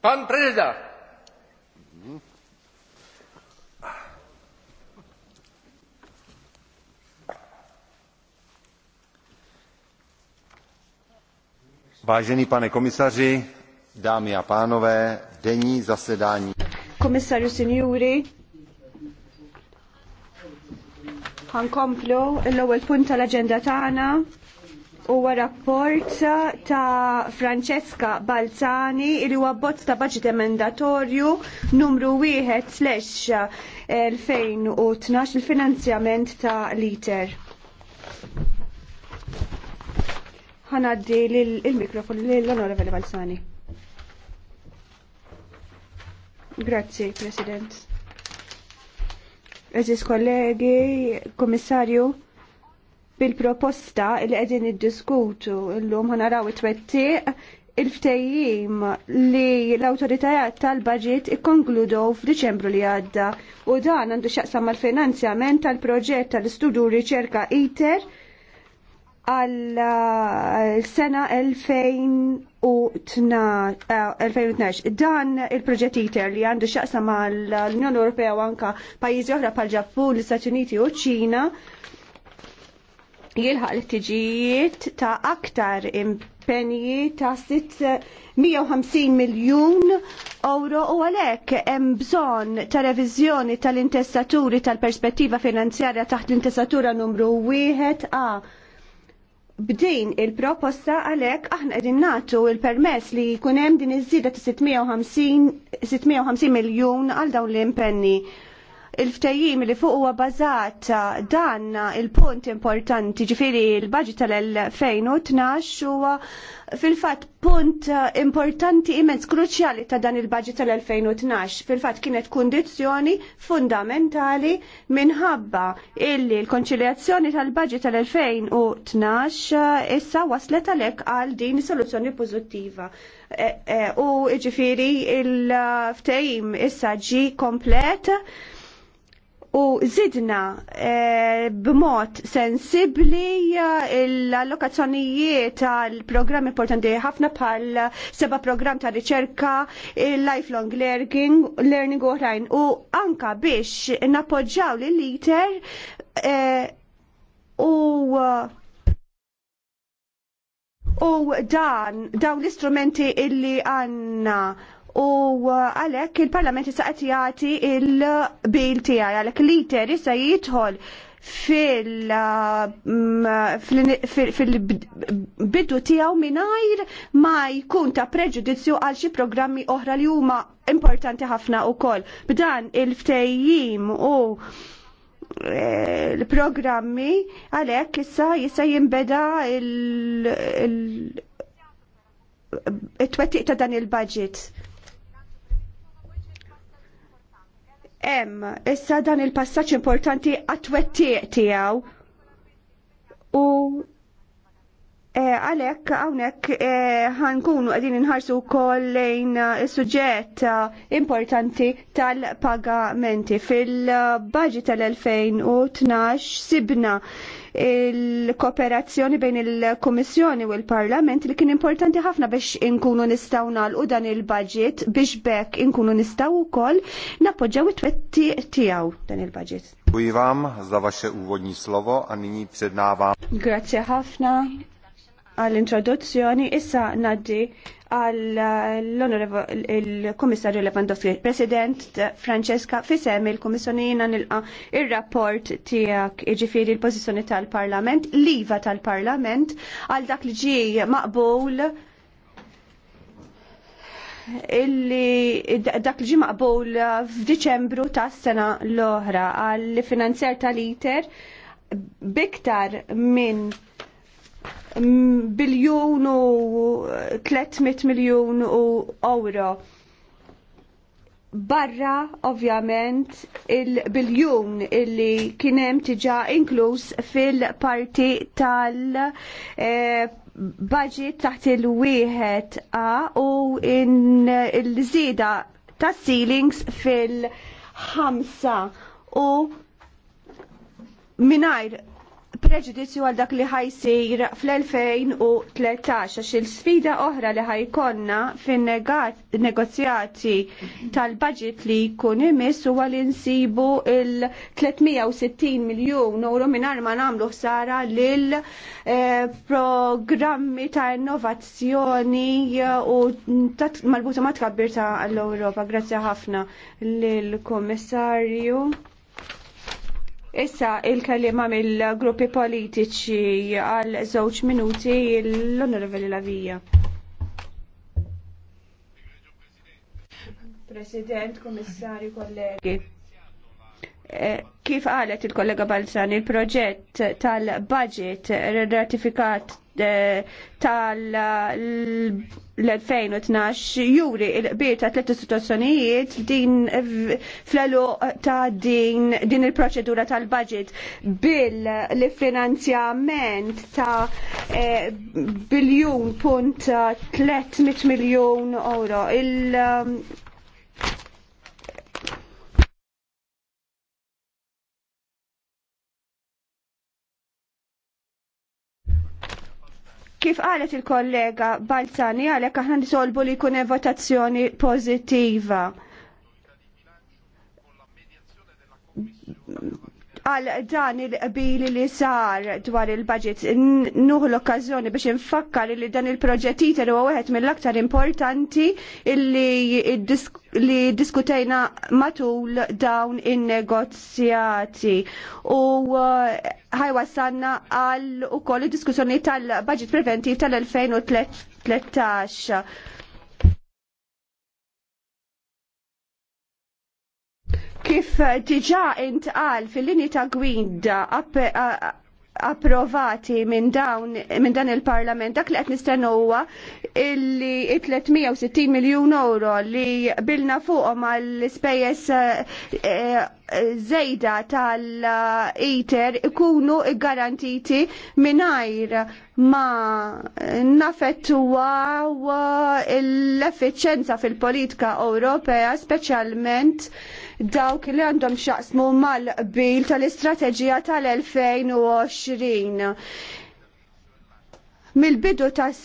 Pan Prezida. Vážený pane komisaři, dámy a pánové, denní zasedání. Komisaři seniori, Komplo, l-ewwel punt tal-aġenda tagħna huwa rapport ta' Francesca Balzani il huwa bozz ta' baġit emendatorju numru 1/2012 eh, il-finanzjament ta' liter. Ħanaddi l mikrofon l-Onorevoli Balzani. Grazie, President. Eżis kollegi, komissarju bil-proposta li qegħdin iddiskutu llum ħanaraw it-twettiq il-ftejjim li l-autoritajat tal-budget ikkonkludu f'Diċembru li għadda u dan għandu xaqsam mal-finanzjament tal-proġett tal istudu riċerka ITER għal-sena 2012. Eh, dan il-proġett ITER li għandu xaqsam mal-Unjoni Ewropea u anka pajjiżi oħra pal-Ġappun, l-Istati Uniti u ċ Ċina jilħaq l-tiġijiet ta' aktar impenji ta' 650 miljun euro u għalhekk hemm bżonn ta' reviżjoni tal-intessaturi tal-perspettiva finanzjarja taħt l-intessatura numru 1 A. B'din il-proposta għalhekk aħna qegħdin nagħtu il-permess li jkun hemm din iż-żieda ta' 650, 650 miljun għal dawn l-impenni il ftajim li fuq huwa bażat dan il-punt importanti ġifiri il-budget tal-2012 huwa fil-fatt punt importanti immens kruċjali ta' dan il-budget tal-2012. Fil-fatt kienet kundizzjoni fundamentali minħabba illi l-konċiljazzjoni tal-budget tal-2012 issa waslet għalhekk għal din soluzzjoni pożittiva. E, e, u ġifiri il ftajim issa ġi komplet u zidna e, b'mod sensibli e, l-allokazzjonijiet għal programm importanti ħafna bħal seba programm ta' riċerka, e, lifelong learning, learning oħrajn u anka biex napoġġaw li liter e, u u dan dawn l-istrumenti illi għanna u għalek il-parlament issa qed jagħti il-bil tiegħi għalek l-iter issa jidħol mm, fil-bidu tiegħu mingħajr ma jkun ta' preġudizzju għal xi programmi oħra li huma importanti ħafna koll. B'dan il-ftejjim u e, l-programmi għalek issa jissa jimbeda il-twettiq ta' dan il-budget. hemm issa dan il-passaġġ importanti għat-twettiq tiegħu u e, għalhekk hawnhekk e, ħankunu qegħdin inħarsu wkoll lejn suġġett importanti tal-pagamenti. fil baġit tal-2012 sibna il-kooperazzjoni bejn il-Kummissjoni u l-Parlament li kien importanti ħafna biex inkunu nistgħu nagħlqu dan il-budget biex bekk inkunu nistgħu wkoll nappoġġaw it-twetti tiegħu dan il-budget. Dziękuję Wam za Wasze uwodni słowo, a przednawam. Grazie ħafna għall-introduzzjoni, issa naddi għall-Komissarju Lewandowski, President Francesca Fisem, il jina nilqa il-rapport tijak iġifiri l-pozizjoni tal-Parlament, liva tal-Parlament, għal dak li ġi maqbul illi dak li ġi maqbul f'Diċembru tas sena l-oħra għall-finanzjar tal-iter biktar minn biljun u 300 eh, miljon u euro. Barra ovvjament il-biljun illi kienem tiġa inkluż fil-parti tal- eh, budget taħt il-wieħed A u il-żieda ta' ceilings fil-ħamsa u minajr preġudizzju għal dak li ħajsir fl-2013 għax il-sfida oħra li ħajkonna fin negozjati tal-budget li jkun imiss huwa li nsibu il-360 miljun euro minn ma nagħmlu ħsara lil eh, programmi ta' innovazzjoni eh, u malbuta ma ta' l-Ewropa. Grazzi ħafna lill-Kummissarju. Issa il kellima mill-gruppi politiċi għal żewġ minuti l-Onorevoli Lavija. President, Komissari, kollegi. Eh, kif qalet il-kollega Balzan, il-proġett tal-budget ratifikat eh, tal l-2012 juri il-qbir ta' tlet istituzzjonijiet din flelu ta' din, din il-proċedura tal-budget bil-finanzjament ta' eh, biljun punt 300 miljon euro. Il- um, Kif qalet il-kollega Balzani għalek aħna nisolbu li jkun hemm votazzjoni pozitiva għal dan il-qbil li sar dwar il-budget. Nuħu l-okkazjoni biex nfakkar li dan il-proġett ITER huwa wieħed mill-aktar importanti li diskutejna matul dawn in-negozjati. U uh, ħajwa sanna għal ukoll diskussjoni tal-budget preventiv tal-2013. Kif eh, diġà intqal fil-linji ta' gwida approvati minn dawn minn dan il-Parlament dak li qed nistennu huwa illi 360 miljun euro li bilna fuqhom għall ispejjeż żejda eh, eh, tal-iter ikunu garantiti mingħajr ma nafettuwa l-effiċenza fil-politika Ewropea speċjalment dawk li għandhom xaqsmu mal-bil tal-istrateġija tal-2020. Mil-bidu tas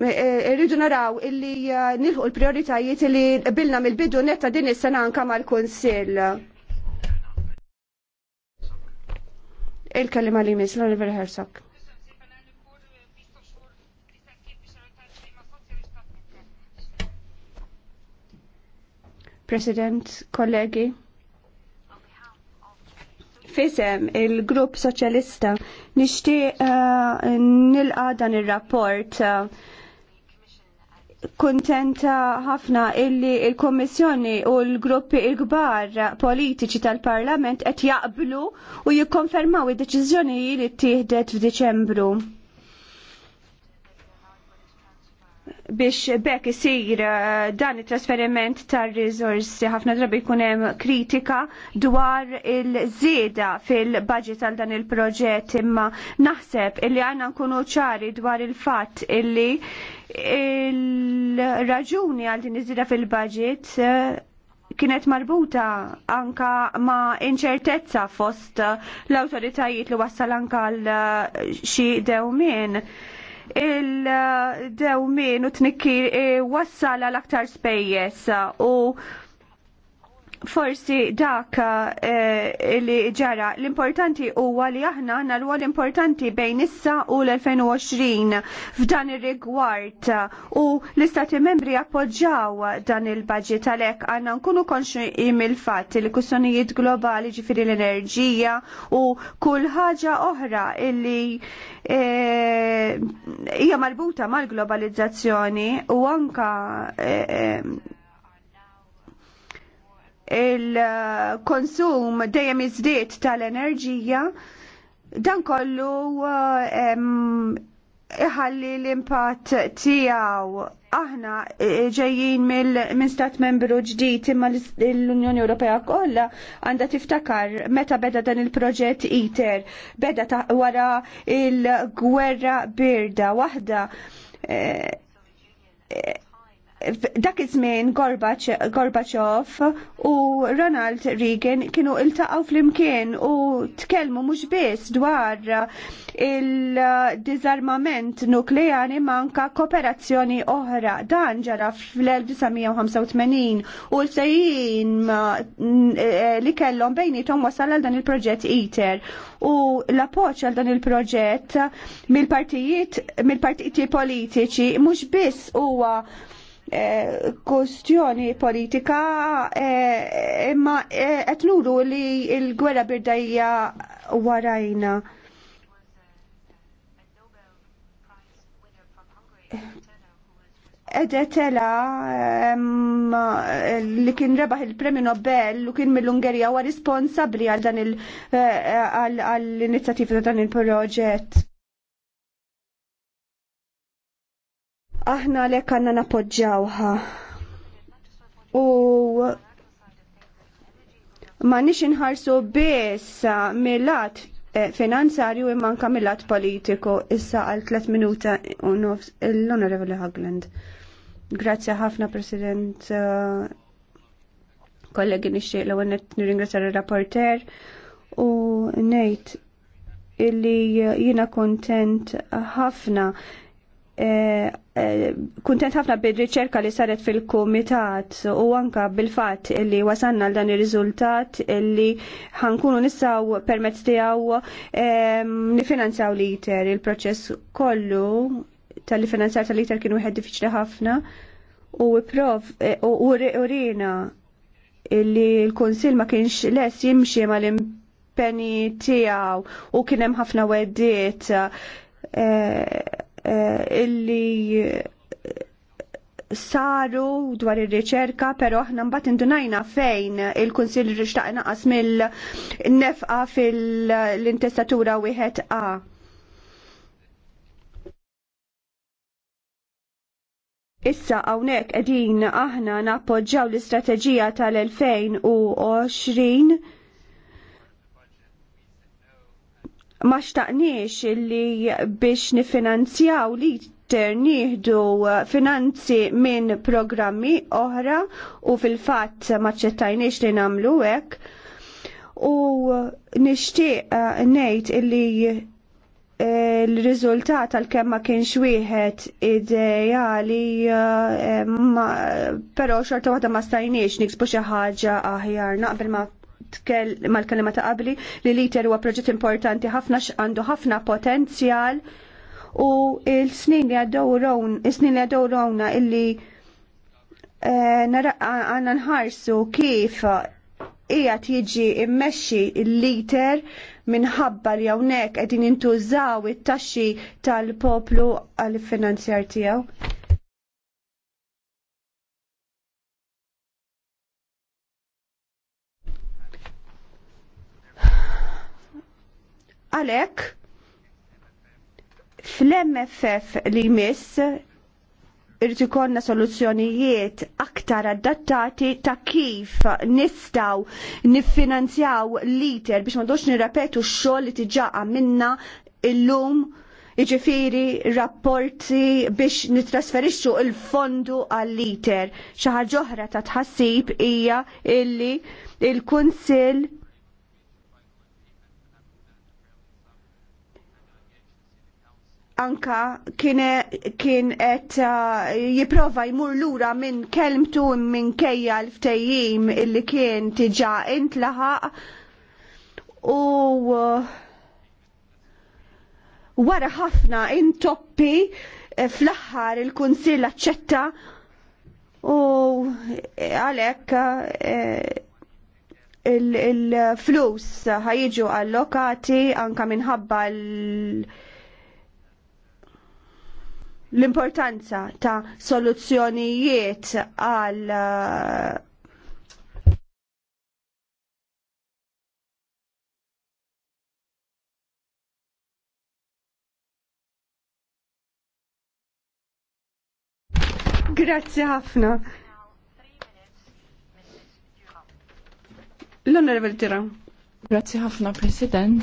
e, e, Irridu naraw illi e, nilħu l-prioritajiet li bilna mill-bidu netta din is-sena anka mal-Kunsill. Il-kalima li mis, l-Oliver Herzog. President, kollegi. Fisem il-Grupp Soċjalista nixtieq uh, nilqa dan ir-rapport uh, kuntenta ħafna illi il-Kommissjoni u l-gruppi il-gbar politiċi tal-Parlament qed jaqblu u jikkonfermaw id-deċiżjoni li ttieħdet f'Diċembru. biex bekk isir eh, dan it-trasferiment tar risorsi ħafna drabi jkun hemm kritika dwar il-żieda fil-budget għal dan il-proġett imma naħseb illi għandna nkunu ċari dwar il-fatt illi il-raġuni għal din iż-żieda fil-budget eh, kienet marbuta anka ma' inċertezza fost l-autoritajiet li wassal anka l eh, xi dewmien il-dewmin u tnikki eh, wassala l-aktar spejjes u forsi dak eh, li ġara l-importanti huwa li aħna għandna rwol importanti bejn issa u l-2020 f'dan ir-rigward u l-istati membri appoġġaw dan il-budget għalhekk għandna nkunu jim il fat li kussonijiet globali ġifiri l-enerġija u kull ħaġa oħra illi eh, hija marbuta mal-globalizzazzjoni u anka eh, il-konsum dejjem iżdied tal-enerġija, dan kollu eh, iħalli l-impatt tiegħu aħna eh, ġejjin minn stat membru ġdid imma l-Unjoni Ewropea kollha għandha tiftakar meta beda dan il-proġett ITER, beda wara il-gwerra birda waħda. Eh, dak iż-żmien Gorbaċov u Ronald Reagan kienu iltaqgħu flimkien u tkellmu mhux biss dwar il-diżarmament nukleari manka kooperazzjoni oħra. Dan ġara fl-1985 u l-sejjin eh, li kellhom bejnietom wasal għal dan il-proġett ITER u l appoġġ għal dan il-proġett mill-partijiet mill-partiti politiċi mhux biss huwa E, kustjoni politika e, imma e, qed nuru li l-gwerra birdajja warajna. Edetela tela li kien rebaħ il-Premju Nobel u kien mill-Ungerija huwa responsabbli għal dan il-inizjattiva ta' dan il-proġett. aħna lek għanna napoġġawha. U ma nix inħarsu biss millat eh, finanzarju imma anka millat politiku issa għal 3 minuta u nofs l-Honorable Hagland. Grazzi ħafna President eh, kollegi nixtieq l għennet nirringrazzja il rapporter u nejt illi jiena kontent ħafna Eh, eh, kuntent ħafna bil-riċerka li saret fil-komitat u anka bil-fat li wasanna l-dan il-rizultat li ħankunu nistaw permezz tijaw ehm, nifinanzjaw iter il-proċess kollu tal-li finanzjar tal iter kienu wieħed diffiċli ħafna u prof eh, u rina li l-konsil ma kienx les jimxie ma l-impeni tijaw u kienem ħafna weddiet Eh, illi eh, saru dwar ir-riċerka, però aħna mbagħad indunajna fejn il-Kunsill rixtaq naqas mill-nefqa fil-intestatura wieħed A. Issa hawnhekk qegħdin aħna nappoġġjaw l-istrateġija tal-2020 ma xtaqniex illi biex nifinanzjaw li nieħdu uh, finanzi minn programmi oħra u fil-fatt ma ċettajniex li namlu hekk. U nixtieq uh, ngħid illi eh, l-riżultat għalkemm kemm ma kienx wieħed ideali eh, però xorta waħda ma stajniex niksbu xi ħaġa aħjar naqbel ma mal kelima ta' qabli li l-ITER huwa proġett importanti ħafna għandu ħafna potenzjal u il-snin li għaddowrawna il-snin li għaddowrawna illi eh, għanna nħarsu kif hija jiġi immexxi l-liter minħabba li hawnhekk qegħdin intużaw it-taxxi tal-poplu għall-finanzjar tiegħu. Għalek, fl-MFF li jmiss irrid ikollna soluzzjonijiet aktar adattati ta' kif nistaw niffinanzjaw l-iter biex m'għandux nirrepetu x-xogħol li tiġaqa minna illum iġifiri rapporti biex nitrasferixxu il-fondu għal-liter. Xi oħra ta' tħassib hija illi il-Kunsill il kunsil kunsill anka kien qed uh, jipprova jmur lura minn kelmtu minn kejja l-ftejjim illi kien tiġa intlaħaq u uh, wara ħafna intoppi eh, fl-aħħar il-Kunsill aċċetta u għalhekk eh, il-flus ħajġu allokati anka minħabba l- l-importanza ta' soluzzjonijiet għal uh, Grazie ħafna. L-onorevoli Tiran. Grazie ħafna, President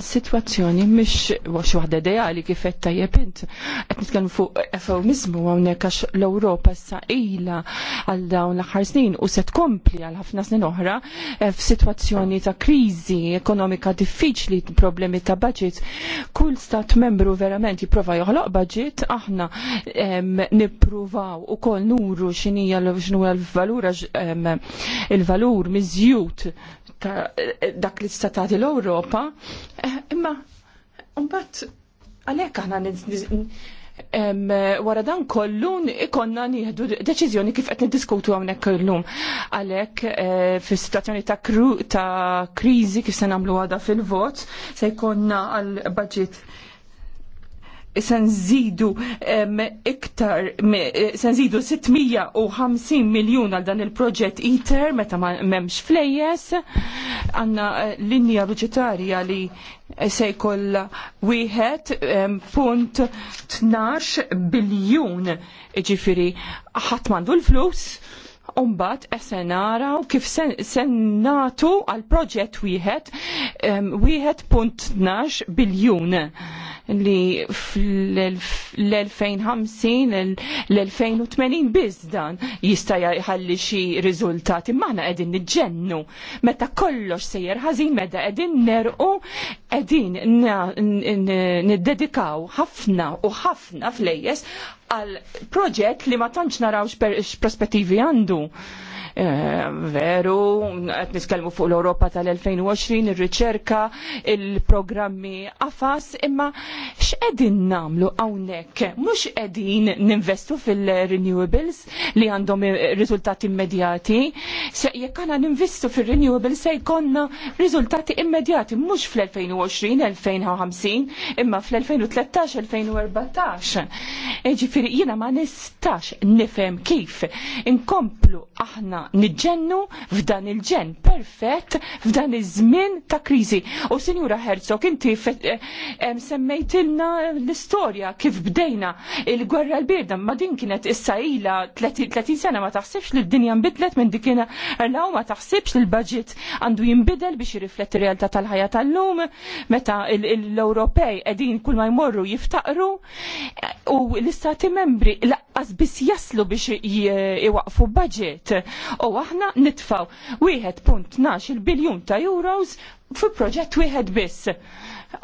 situazzjoni sitwazzjoni mhix wax waħda ideali kif qed tajjeb int. Qed nitkellmu fuq efewmiżmu hawnhekk għax l-Ewropa issa ilha għal dawn l-aħħar snin u se tkompli għal ħafna snin oħra eh, f'sitwazzjoni ta' kriżi ekonomika diffiċli, problemi ta' budget. Kull stat membru verament jipprova joħloq budget, aħna nippruvaw ukoll nuru x'inhija x'inhu l-valur il-valur miżjud dak li statati l-Ewropa, eh, imma mbagħad għalhekk aħna wara dan kollu ikonna nieħdu deċiżjoni kif qed niddiskutu hawnhekk illum. Għalhekk eh, fis situazzjoni ta' ta' kriżi kif se nagħmlu għada fil-vot se jkollna għal baġit se zidu iktar, sen 650 miljon għal dan il-proġett ITER meta ma memx flejjes, għanna eh, linja budgetarja li se jkollha wieħed punt 12 biljun ġifiri ħadd m'għandu l-flus Umbat se u kif sen natu għal proġett wieħed wieħed punt 12 biljun li fl-2050 l-2080 biss dan jista' jħalli xi riżultati maħna qegħdin niġġennu meta kollox sejjer ħażin meta qegħdin nerqu qegħdin niddedikaw ħafna u ħafna flejjes għal proġett li ma tantx narawx prospettivi għandu. Eh, veru, qed niskellmu fuq l europa tal-2020, ir-riċerka, il-programmi AFAS, imma x'qegħdin nagħmlu hawnhekk? Mhux qegħdin ninvestu fil-renewables li għandhom riżultati immedjati. se Jekk aħna ninvestu fil-renewables se jkollna riżultati immedjati mhux fl-2020, 2050, imma fl-2013, 2014. Ġifieri jiena ma nistax nifhem kif inkomplu aħna niġġennu f'dan il-ġen perfett f'dan iż-żmien ta' kriżi. U Sinjura Herzog, inti eh, semmejtilna l-istorja kif bdejna il-gwerra l-birda, ma din kienet issa ila 30 sena ma taħsibx li d-dinja nbidlet minn dik law ma taħsibx li l-budget għandu jinbidel biex jirrifletti realtà tal-ħajja tal-lum, meta l-Ewropej qegħdin kull ma jmorru jiftaqru eh, u l-istati membri laqqas biss jaslu biex iwaqfu budget u aħna nitfaw 1.12 biljun ta' euros fu proġett wieħed biss.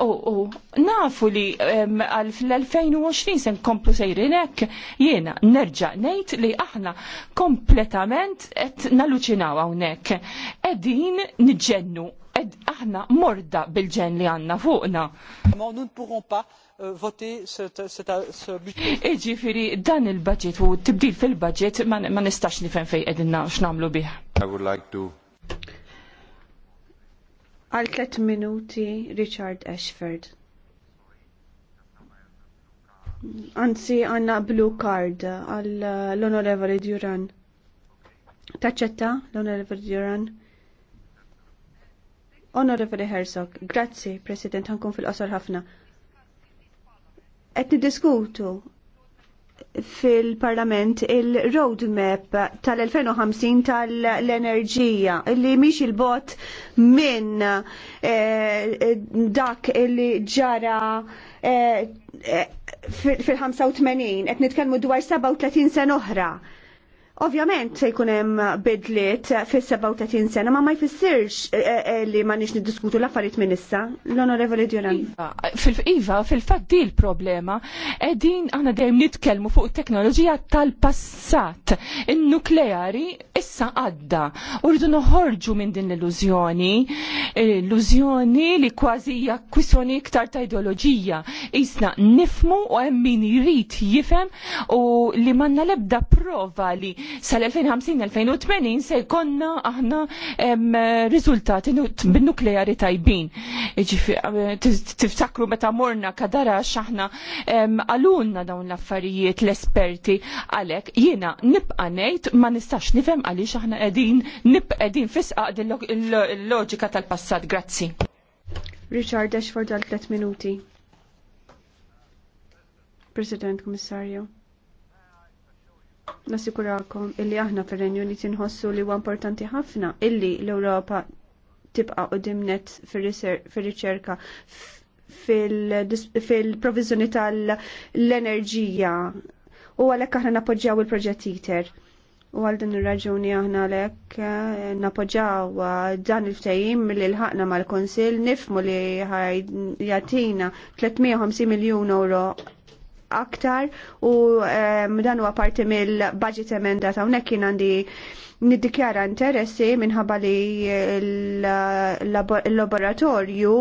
U nafu li għal fl-2020 se nkomplu sejrinek, jena jiena nerġa' ngħid li aħna kompletament qed naluċinaw hawnhekk. Qegħdin niġġennu ed aħna morda bil-ġen li għanna fuqna. Iġi euh, Iġifiri, dan il-budget u tibdil fil-budget ma nistax li fen fej edinna x'namlu biħ. I would like to Għal tlet minuti Richard Ashford. Anzi, għanna blue card għal uh, l-Onorevoli Duran. Taċċetta l-Onorevoli Duran? Onorevoli Herzog, grazzi, President, ħankun fil-qosor ħafna. Etni niddiskutu fil-Parlament il-roadmap tal-2050 tal-enerġija li miex il-bot minn eh, dak li ġara eh, fil-85 qed nitkellmu dwar 37 sena oħra Ovvjament se jkun hemm bidliet fis-37 sena, ma ma jfissirx eh, eh, eh, li ma nix niddiskutu l-affarijiet minn issa. L-Onorevoli Duran. Iva, iva fil-fatt di l-problema qegħdin aħna dejjem nitkellmu fuq teknoloġija tal-passat. Il-nukleari issa għadda. Urdu noħorġu minn din l-illużjoni, illużjoni li kważi hija kwissjoni iktar ta' ideoloġija. Isna nifmu u hemm min jrid jifhem u li manna lebda prova li sal-2050-2080 se jkonna aħna riżultati bin-nukleari tajbin. Tiftakru meta morna kadara aħna għalunna dawn l-affarijiet l-esperti għalek jiena nibqa' ngħid ma nistax nifhem għaliex aħna qegħdin nibqa' qegħdin fisqaq il-loġika tal-passat. Grazzi. Richard Ashford għal 3 minuti. President Commissario. Nasikurakom illi aħna fir-Renju Unit li huwa importanti ħafna illi l-Ewropa tibqa' qudimnet fir-riċerka fil-provizjoni tal-enerġija u għalhekk aħna nappoġġjaw il-proġett ITER. U għal din ir-raġuni aħna għalhekk eh, napoġaw eh, dan il ftehim li l mal-Konsil nifmu li jagħtina 350 miljun euro aktar u ehm, dan huwa parti mill-budget emenda ta' hawnhekk kien għandi niddikjara interessi minħabba li l-laboratorju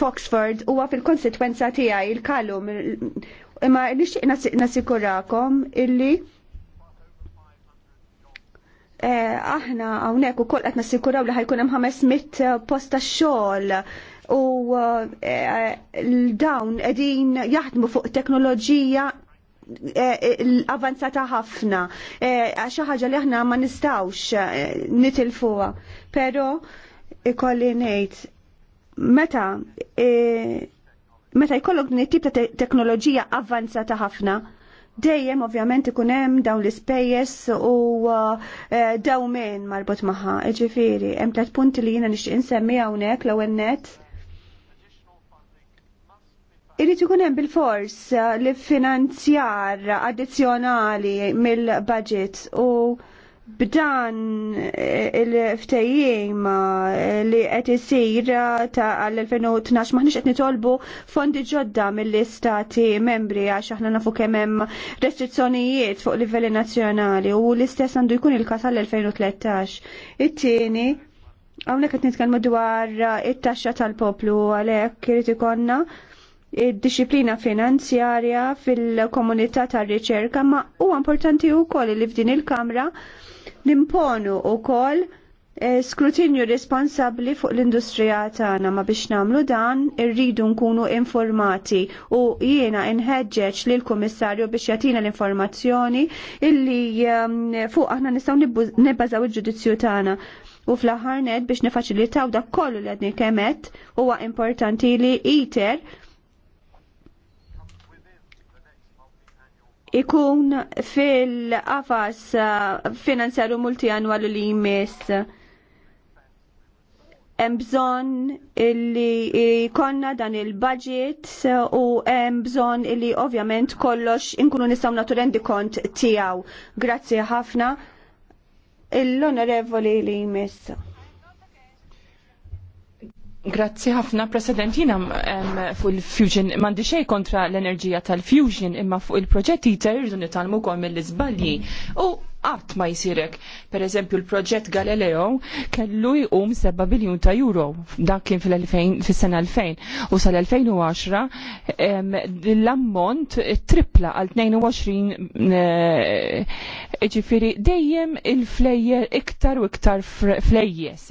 Foxford huwa fil-konsekwenza tiegħi il-kalum imma nixtieq nassikurakom illi eh, aħna hawnhekk ukoll qed nassikuraw li ħajkun hemm 500 posta xogħol u eh, eh, dawn edin jaħdmu fuq teknoloġija eh, avanzata ħafna, xi ħaġa li aħna ma nistawx nitilfuha. Però ikolli ngħid meta meta jkollok din it-tip ta' teknoloġija avvanzata ħafna, dejjem ovvjament ikun hemm dawn l-ispejjeż u dawn marbut magħha. Ġifieri, hemm tliet punti li jiena nixtieq insemmi hawnhekk l-ewwel net. Irrid ikun hemm bil-fors eh, li finanzjar addizzjonali mill-budget u b'dan eh, il-ftejjim eh, li qed isir ta' għall-2012 maħniex qed nitolbu fondi ġodda mill-istati membri għax aħna nafu kemm hemm restrizzjonijiet fuq livelli nazzjonali u l-istess għandu jkun il-kas għall-2013. It-tieni hawnhekk qed nitkellmu dwar it-taxxa tal-poplu għalhekk irid ikonna id-disciplina finanzjarja fil-komunità tar-riċerka ma huwa importanti wkoll li f'din il-Kamra nimponu wkoll eh, skrutinju responsabbli fuq l-industrija tagħna ma biex nagħmlu dan irridu nkunu informati u jiena inħeġġeġ lil kummissarju biex jagħtina l-informazzjoni illi ehm, fuq aħna nistgħu nibbażaw il-ġudizzju tagħna u fl-aħħar biex nifaċilitaw dak kollu li għadni kemet huwa importanti li iter ikun fil-qafas uh, finanzjarju multijanwalu li jmiss hemm bżonn illi jkollna dan il-budget u hemm bżonn illi ovvjament kollox inkunu nistgħu natu rendi kont tiegħu. Grazzi ħafna. l onorevoli li jmiss. Grazzi ħafna, President, jina fuq il-fusion, mandi xej kontra l-enerġija tal-fusion, imma fuq il-proġett jiter irridu nitalmu kol mill-izbalji. U għat ma jisirek, per eżempju, il-proġett Galileo kellu jqum 7 biljun ta' euro, dak kien fil-sena 2000, u sal-2010 l-ammont tripla għal 22 eh, ġifiri dejjem il-flejjer iktar u iktar flejjes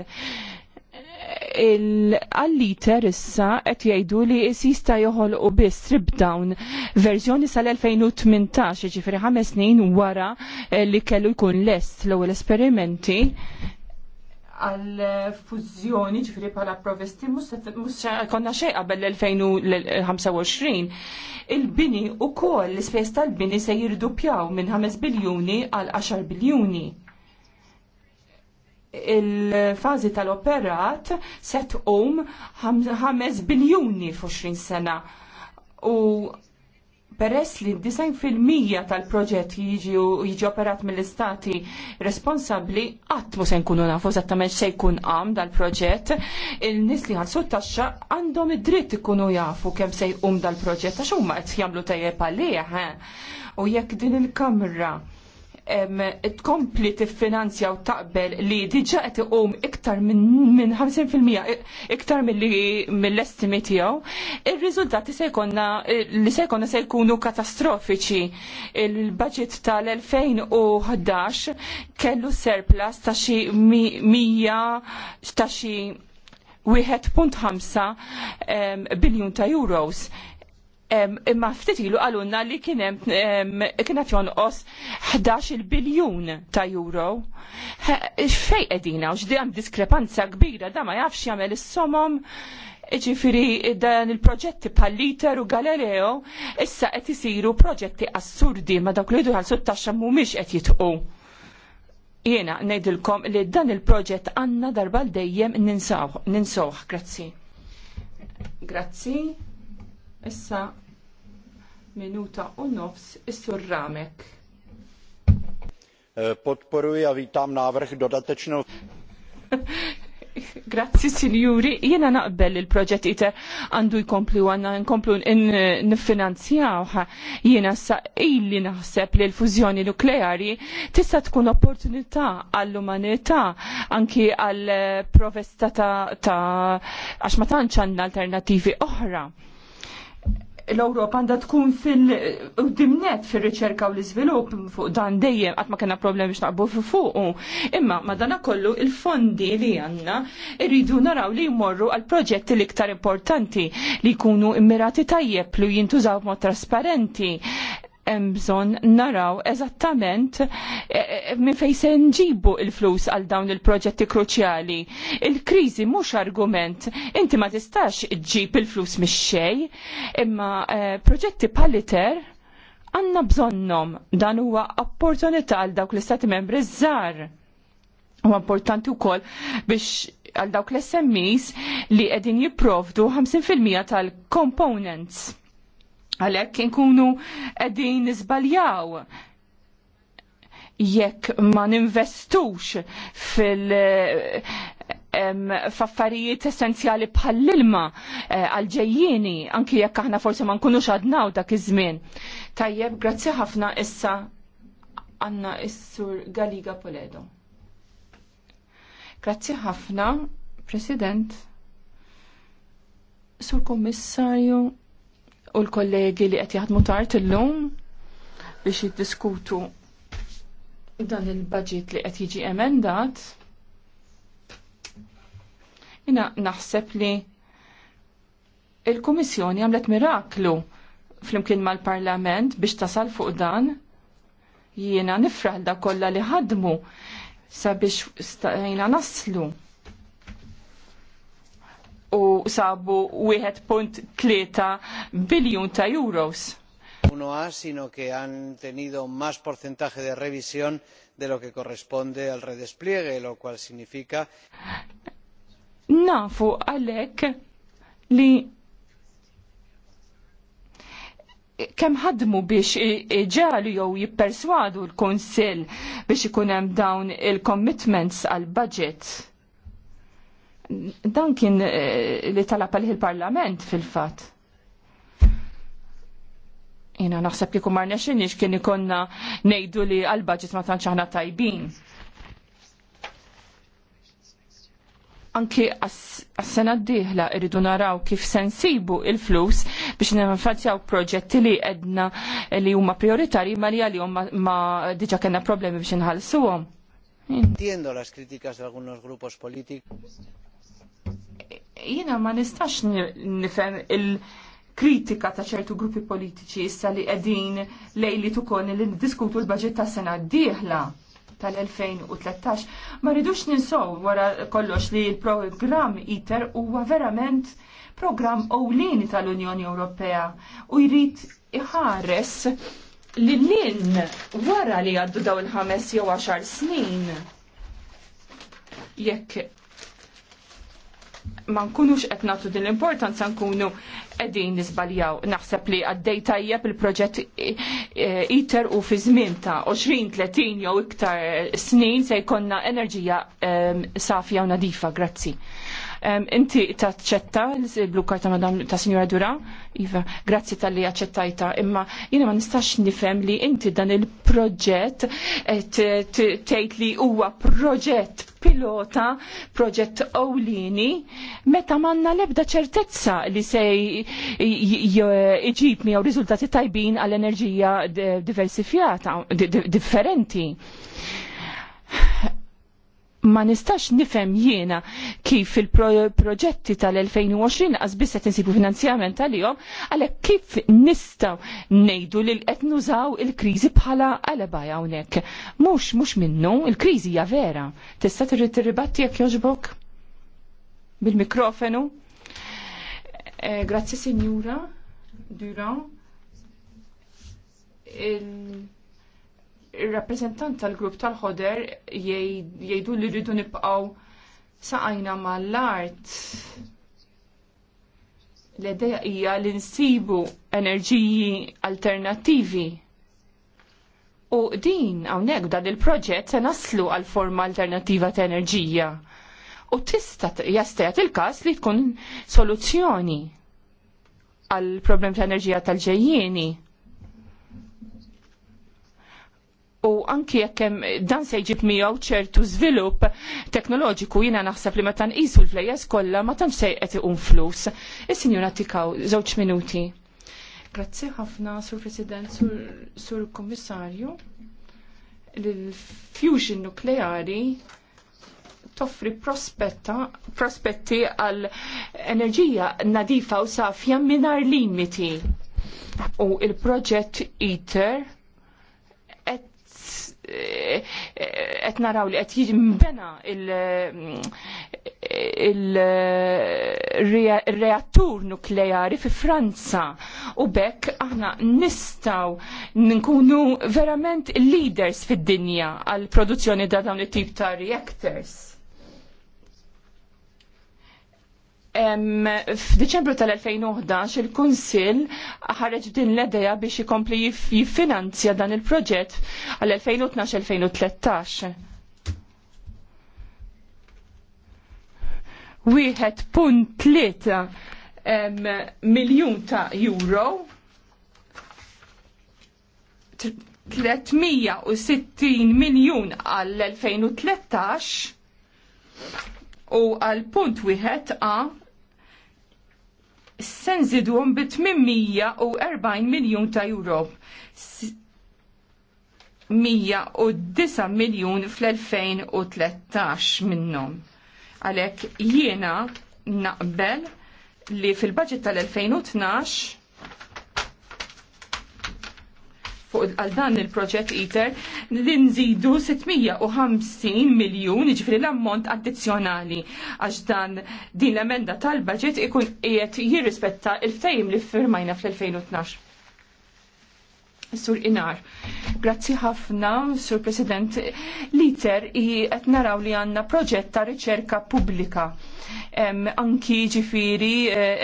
il liter issa qed jgħidu li jista joħolqu biss strip down verżjoni sal-2018, ġifieri ħames snin wara eh, li kellu jkun lest l-ewwel esperimenti għal fużjoni ġifiri pala provesti musa konna xej qabel l-2025 il-bini u kol l ispejs tal-bini se jirdu pjaw minn 5 biljuni għal 10 biljuni il-fazi tal-operat set um 5 biljuni f'20 sena. U peress li 90% tal-proġett jiġi operat mill-istati responsabli, għatt mu se nkunu nafu eżattament se jkun għam dal-proġett, il-nis li ħalsu taxxa għandhom id-dritt ikunu jafu kemm se jqum dal-proġett, għax huma qed jagħmlu tajjeb għalih. Eh? U jekk din il-kamra tkompli t-finanzja u taqbel li diġa qed iqum iktar minn 50% iktar mill-estimi tiegħu, ir-riżultati se jkollna li se jkollna se jkunu katastrofiċi. Il-budget tal-2011 kellu surplus ta' xi 100 ta' xi 1.5 biljun ta' euros imma ftitilu għalunna li kienem kienet jonqos 11 biljun ta' euro. Fej edina, uġdi għam diskrepanza kbira, da ma jafx jamel is-somom ġifiri dan il-proġetti pal-liter u Galileo issa qed isiru proġetti assurdi ma dak li jduħal suttaxxa mhumiex qed jitqu. Jiena ngħidilkom li dan il-proġett għandna darba l dejjem ninsaw, grazzi. Grazzi. Issa minuta u nofs is-sur Ramek. Eh, podporuji a návrh Grazzi sinjuri, jiena naqbel il-proġett ite għandu jkomplu għanna nkomplu finanzjawħa Jiena sa illi naħseb li l-fużjoni nukleari tista' tkun opportunità għall-umanità anki għall-provesta ta' għax ma tantx għandna alternativi oħra l-Ewropa għandha tkun fil-dimnet fil-riċerka u l-iżvilupp fuq dan dejjem qatt ma kellna problemi naqbu fuq. Imma madana kollu il-fondi li għandna irridu naraw li jmorru għal proġetti l-iktar importanti li jkunu immirati tajjeb li jintużaw mod trasparenti hemm bżonn naraw eżattament eh, eh, minn fejn se nġibu il-flus għal dawn il-proġetti kruċjali. Il-kriżi mhux argument, inti ma tistax ġib il-flus mix xej imma eh, proġetti paliter għanna bżonnom dan huwa opportunità għal dawk l-istati membri żgħar. U importanti wkoll biex għal dawk l-SMEs li qegħdin jipprovdu 50% tal-components Għalhekk inkunu qegħdin niżbaljaw jekk ma ninvestux fil- faffarijiet essenzjali bħall-ilma eh, għal-ġejjini, anki jekk aħna forsi ma nkunux għadnaw dak iż-żmien. Tajjeb, grazzi ħafna issa għanna is-sur Galiga Poledo. Grazzi ħafna, President, Sur Kommissarju, u l-kollegi li qed jaħdmu tard illum biex jiddiskutu dan il-budget li qed jiġi emendat. Jina naħseb li il-Kummissjoni għamlet miraklu flimkien mal-Parlament biex tasal fuq dan jiena nifraħda kollha li ħadmu sabiex stajna naslu u sabu 1.3 biljun ta' euros. Uno A, sino que han tenido más porcentaje de revisión de lo que corresponde al redespliegue, lo cual significa. Nafu għalek li kem ħadmu biex iġalu jew jipperswadu l-Konsil biex ikunem dawn il-commitments għal budget Dan kien eh, li talab għalih il-Parlament fil-fat. Jena naħseb kieku marna xinix kien ikonna nejdu li għal-budget ma tantx aħna tajbin. Anki għas-sena d-dihla irridu naraw kif sensibu il-flus biex nifazzjaw proġetti li edna li huma prioritari ma li għalli ma diġa kena problemi biex nħalsuhom. Entiendo las críticas de algunos grupos políticos. Jiena ma nistax nifhem il-kritika ta' ċertu gruppi politiċi issa li qegħdin lejli tukon li diskutu l-baġit ta' sena d-dieħla tal-2013. Ma rridux ninsow wara kollox li l-programm ITER huwa verament programm ewlieni tal-Unjoni Ewropea u jrid iħares li l-lin wara li għaddu daw il-ħames jew għaxar snin jekk ma nkunux qed nagħtu din l-importanza nkunu qegħdin niżbaljaw Naħseb li għaddej tajjeb il-proġett iter u fi żmien ta' 20-30 jew iktar snin se jkollna enerġija safja u nadifa, grazzi. Inti taċċetta l-blu karta madam ta' Signora Dura, Iva, grazzi tal-li għacċettajta, imma jiena ma nistax nifhem li inti dan il-proġett tejt li huwa proġett pilota proġett ewlieni meta manna lebda ċertezza li se iġib miegħu riżultati tajbin għall-enerġija diversifjata differenti ma nistax nifhem jiena kif il-proġetti tal-2020 għaz qed insibu finanzjament għalihom, għalhekk kif nistgħu ngħidu li qed nużaw il-kriżi bħala qalba hawnhekk. Mhux mhux minnu, il-kriżi hija vera. Tista' trid tirribatti jekk jogħġbok? Bil-mikrofonu. Eh, grazzi Sinjura Duran il-rappresentant tal-grupp tal-ħoder jgħidu li rridu nibqaw saqajna mal-art. l edeja hija li nsibu enerġiji alternativi. U din hawnhekk dan il-proġett se naslu għal forma alternattiva ta' enerġija. U tista' jastajat il-każ li tkun soluzzjoni għal problem ta' enerġija tal-ġejjieni u anki jekk hemm dan se jġib miegħu ċertu żvilupp teknoloġiku jiena naħseb li meta nqisu l plejers kollha ma tantx se qed iqum flus. Is-Sinjura Tikaw żewġ minuti. Grazzi ħafna Sur President, Sur, Kommissarju. L-fusion nukleari toffri prospetti għal enerġija nadifa u safja minar limiti. U il-proġett ITER qed naraw li qed jiġi mbena il-reattur nukleari fi Franza u bekk aħna nistaw nkunu verament leaders fid-dinja għal produzzjoni ta' dawn it-tip ta' reactors F'Diċembru tal-2011 il-Kunsill ħareġ din l-edeja biex ikompli jiffinanzja dan il-proġett għal-2012-2013. Wieħed punt tlieta miljun ta' euro 360 miljun għall-2013 u għal punt wieħed a senzidum bit 840 miljon ta' euro. 109 miljon fl-2013 minnom. Għalek jiena naqbel li fil-budget tal-2012 fuq għal dan il-proġett ITER li nżidu 650 miljun ġifri l-ammont addizzjonali għax dan din l-emenda tal-budget ikun qiegħed jirrispetta il-ftejim li firmajna fl-2012. Sur Inar. Grazzi ħafna, Sur President. Liter, qed naraw li għandna proġett ta' riċerka pubblika. Anki ġifiri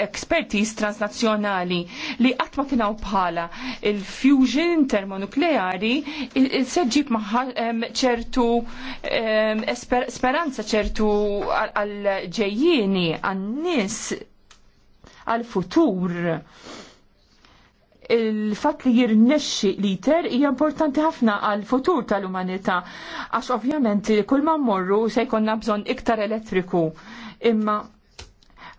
ekspertiz eh, transnazzjonali li qatt ma kienu bħala il-fusion termonukleari se ġib maħħa ċertu esper speranza ċertu għal ġejjieni għan-nies għal-futur il-fat li jirnexxi liter hija importanti ħafna għal futur tal-umanità għax ovvjament kull ma mmorru se jkollna bżonn iktar elettriku imma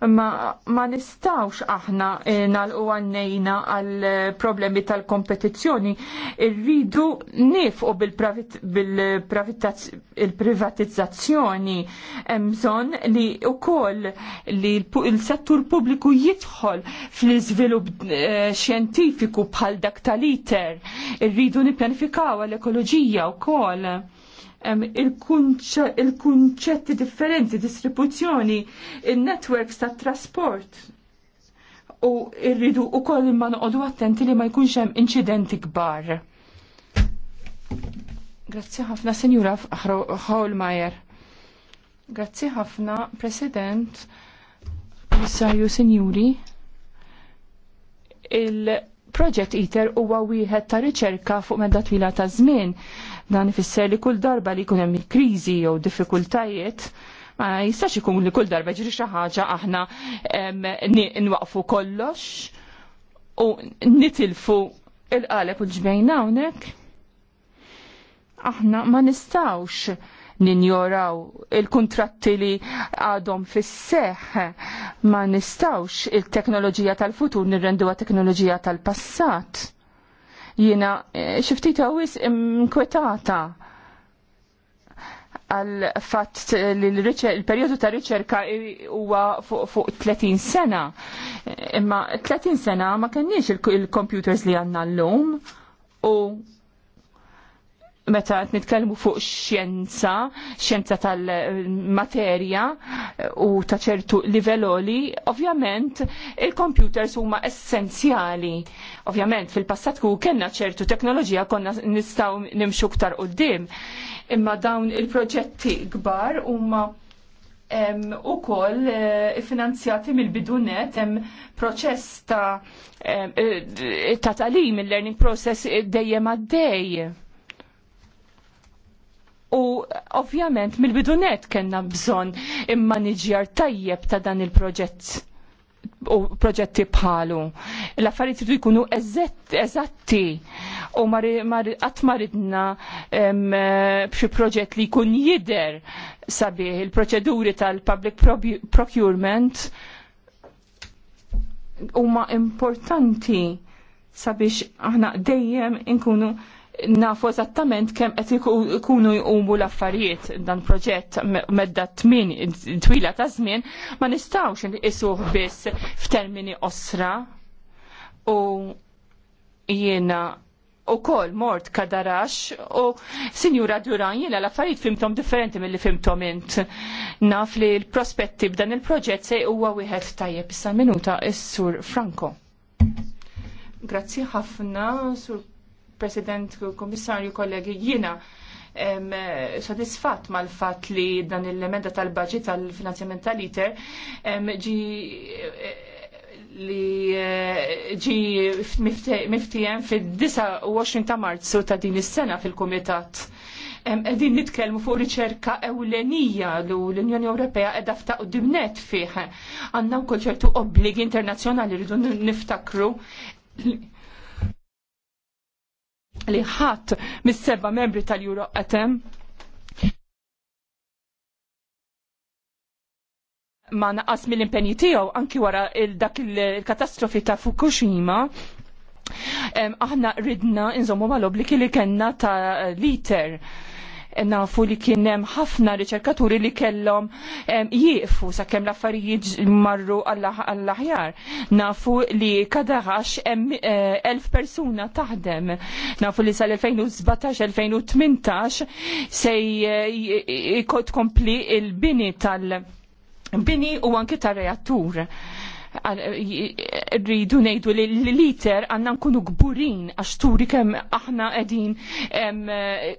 ma, ma nistawx aħna eh, nalqu għannejna għal eh, problemi tal-kompetizzjoni. Irridu nifqu bil-privatizzazzjoni. Bil Mżon li u koll li l-settur pubbliku jidħol fl-izvilup eh, xjentifiku bħal dak tal-iter. Irridu nippjanifikaw għal-ekoloġija u koll il-kunċetti differenti, distribuzzjoni, il-networks ta' trasport. U irridu u koll ma noqodu attenti li ma jkunx hemm inċidenti kbar. Grazzi ħafna, Senjura Hallmeyer. Grazzi ħafna, President, Komissarju Senjuri. Il- Proġett ITER huwa wieħed ta' riċerka fuq medda twila ta' żmien Dan ifisser li kull darba li jkun hemm kriżi jew diffikultajiet, ma jistax ikun li kull darba ġri xi ħaġa aħna nwaqfu kollox u nitilfu il-qalep u l-ġbejn hawnhekk. Aħna ma nistawx ninjoraw il kuntratti li għadhom fis-seħ ma nistawx il-teknoloġija tal-futur nirrenduha teknoloġija tal-passat. Jiena eh, xiftit għawis mkwetata għal fatt li l-periodu ta' riċerka huwa fuq 30 sena. Eh, imma 30 sena ma kenniex il-computers li għanna l-lum u meta nitkellmu fuq xjenza, xjenza tal-materja u ta' ċertu livelloli, ovvjament il-computers huma essenzjali. Ovvjament fil-passat ku kellna ċertu teknoloġija konna nistgħu nimxu ktar qudiem. Imma dawn il-proġetti kbar huma u koll eh, finanzjati mill-bidunet hemm proċess ta' eh, ta' talim il-learning process dejjem għaddej U ovvjament mill-bidunet kena bżon imma tajjeb ta' dan il-proġett u proġetti bħalu. L-affarijiet tridu jkunu eżatti u qatt maridna eh, b'xi proġett li jkun jider sabieħ il-proċeduri tal-public procurement huma importanti sabiex aħna dejjem inkunu nafu eżattament kemm qed ikunu jqumu l-affarijiet dan proġett medda tmin twila ta' żmien ma nistgħux nqisuh biss f'termini osra u jiena u kol mort kadarax u sinjura Duran jiena l-affarijiet fimtom differenti mill-li fimtom int. Naf li l-prospetti b'dan il-proġett se huwa wieħed tajjeb issa minuta is-sur Franco. Grazzi ħafna, sur President, Komissarju, kollegi, jiena sodisfatt mal-fat li dan il-emenda tal-budget tal-finanzjament tal-ITER ġi li eh, ġi miftijem fil-29 ta' marzu ta' din is-sena fil-Kumitat. Din nitkellmu fuq riċerka ewlenija lu l-Unjoni Ewropea edha ftaq dimnet fih. Għandna wkoll ċertu obbligi internazzjonali rridu niftakru li ħadd mis-seba' membri tal-Euro qatem ma naqas mill-impenji tiegħu anki wara dak il-katastrofi ta' Fukushima aħna ridna inżommu mal-obbligi li kellna ta' liter nafu li kien hemm ħafna riċerkaturi li kellhom jieqfu sakemm l-affarijiet marru għall-aħjar. Nafu li kadaħax hemm elf persuna taħdem. Nafu li sal-2017-2018 se kod kompli il-bini tal- bini u anki tar reattur rridu ngħidu li l-liter għandna nkunu gburin għax turi kemm aħna qegħdin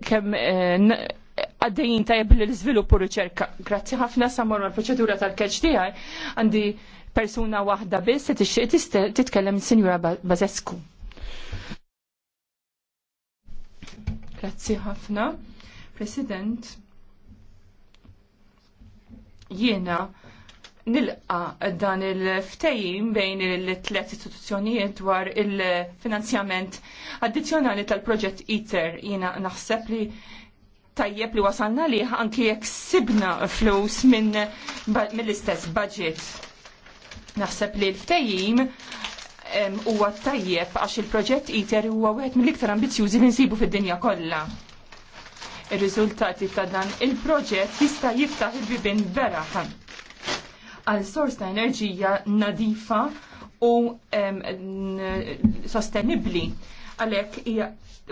kemm eh, għaddejjin tajjeb l-iżvilupp u riċerka. Grazzi ħafna samor mal-proċedura tal-keċ tiegħi għandi persuna waħda biss se tixtieq titkellem is-Sinjura Bazescu. Grazzi ħafna. President, jiena nilqa dan il-ftejim bejn il-tlet istituzzjonijiet dwar il-finanzjament addizzjonali tal-proġett ITER jina naħseb li tajjeb li wasalna li anki jekk sibna flus minn mill-istess budget. Naħseb li l-ftejim huwa tajjeb għax il-proġett ITER huwa wieħed mill-iktar ambizjużi li nsibu fid-dinja kollha ir-riżultati ta' dan il-proġett jista' jiftaħ il-bibin vera għal sors ta' enerġija nadifa u sostenibli. Għalek,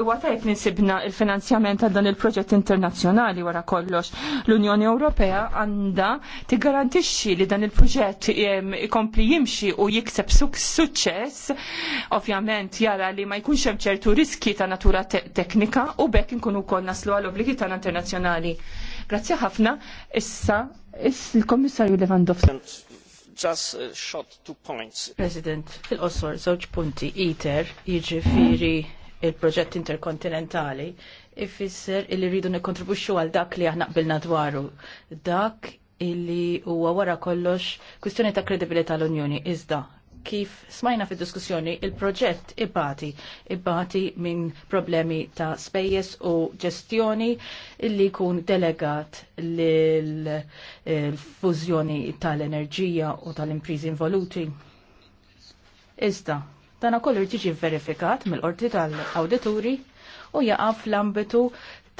huwa għatajt ninsibna il-finanzjament għal dan il-proġett internazzjonali wara kollox. L-Unjoni Ewropea għandha tigarantixxi li dan il-proġett ikompli jimxi u jikseb suċċess, ovvjament jara li ma jkunx hemm ċertu riski ta' natura teknika u bekk inkunu kol naslu għall obbligi tal internazzjonali. Grazzi ħafna. Issa, is il-Komissarju Lewandowski. Just a uh, short two points. President, fil-qosor żewġ punti ITER jiġifieri il-proġett interkontinentali ifisser illi rridu nikkontribwixxu għal dak li aħna qbilna dwaru. Dak illi huwa wara kollox kwistjoni ta' kredibilità l-Unjoni iżda kif smajna fid diskussjoni il-proġett ibati, ibati minn problemi ta' spejjes u ġestjoni illi kun delegat l-fużjoni eh, tal-enerġija u tal-imprizi involuti. Iżda, dana kollu tiġi verifikat mill-qorti tal-awdituri u jaqaf l-ambitu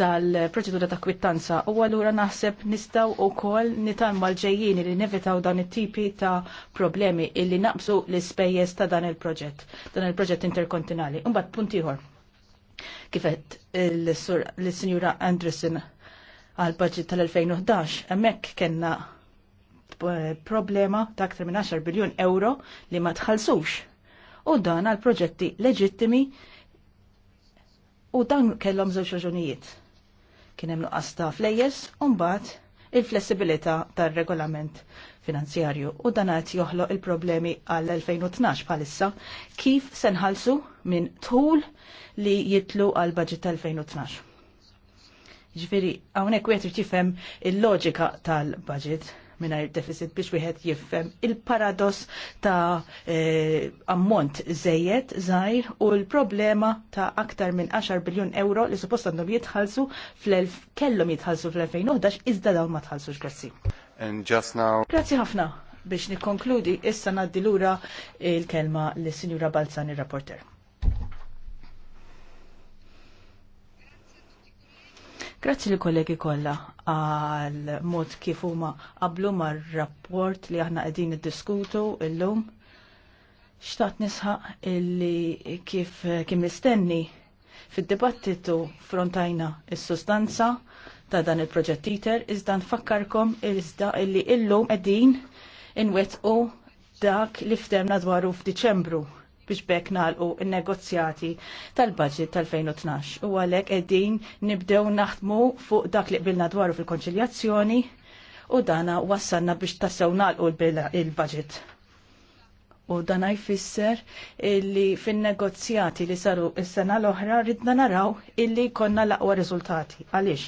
tal-proċedura ta' kwittanza u għallura naħseb nistaw u kol nitan malġejjini li nevitaw dan it-tipi ta' problemi illi naqbsu l-ispejjeż ta' dan il-proġett, dan il-proġett interkontinali. Umbat puntiħor, kifet l-Sinjura Anderson għal budget tal-2011, emmek kena problema ta' aktar minn 10 biljon euro li ma tħalsux. U dan għal proġetti leġittimi u dan kellhom żewġ raġunijiet kien hemm nuqqas ta' flejjes u mbagħad il-flessibilità tar-regolament finanzjarju u dan qed joħloq il-problemi għall 2012 bħalissa kif se nħallsu minn tul li jitlu għal budget tal-2012. Ġifieri hawnhekk wieħed jifhem il-loġika tal-budget mingħajr deficit biex wieħed jifhem il-paradoss ta' eh, ammont żejjed żgħir u l-problema ta' aktar minn 10 biljun euro li suppost għandhom jitħallsu fl-elf kellhom jitħallsu fl-2011 iżda dawn ma tħallsux grazzi. And just now. Grazzi ħafna biex nikkonkludi issa naddi lura il-kelma lis sinjura Balzani rapporter. Grazzi li kollegi kollha għal mod kif huma qablu mar-rapport li aħna qegħdin niddiskutu illum. Xtaqt nisħaq illi kif kien mistenni fid-dibattitu frontajna is-sustanza ta' dan il-proġett iter iżda nfakkarkom iżda illi illum qegħdin inwetqu dak li ftemna dwaru f'Diċembru biex bekk nalqu il-negozjati tal-budget tal-2012. U għalek edin nibdew naħdmu fuq dak li qbilna dwaru fil-konċiljazzjoni u dana wassanna biex tassew nalqu il-budget. U dana jfisser li fin-negozjati li saru s-sena l-oħra ridna naraw illi konna laqwa riżultati. Għaliex,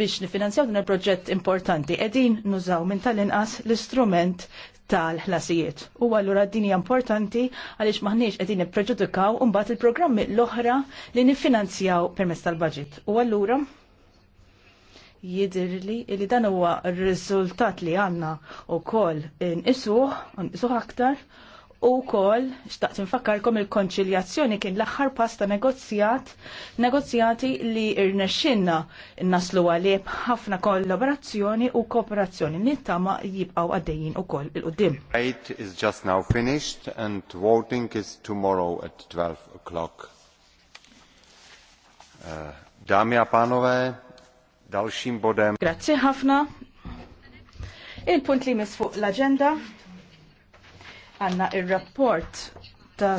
biex nifinanzjaw din il-proġett importanti, edin nużaw minn tal-inqas l-istrument tal-ħlasijiet. U għallura din hija importanti għaliex maħniex qegħdin nippreġudikaw imbagħad il-programmi l-oħra li niffinanzjaw permezz tal-budget. U allura jidirli li dan huwa r-riżultat li għandna wkoll in-isuħ aktar u kol, xtaqt nfakkarkom il-konċiljazzjoni kien l-axħar pasta ta' negozjat, negozjati li irnexxinna naslu għalih ħafna kollaborazzjoni u kooperazzjoni nittama jibqaw għaddejjin u kol il-qoddim. Eight is just now finished and voting is tomorrow at 12 o'clock. Uh, Dámy a pánové, dalším bodem. Grazie ħafna. Il-punt li mis fuq l-agenda għanna il-rapport ta'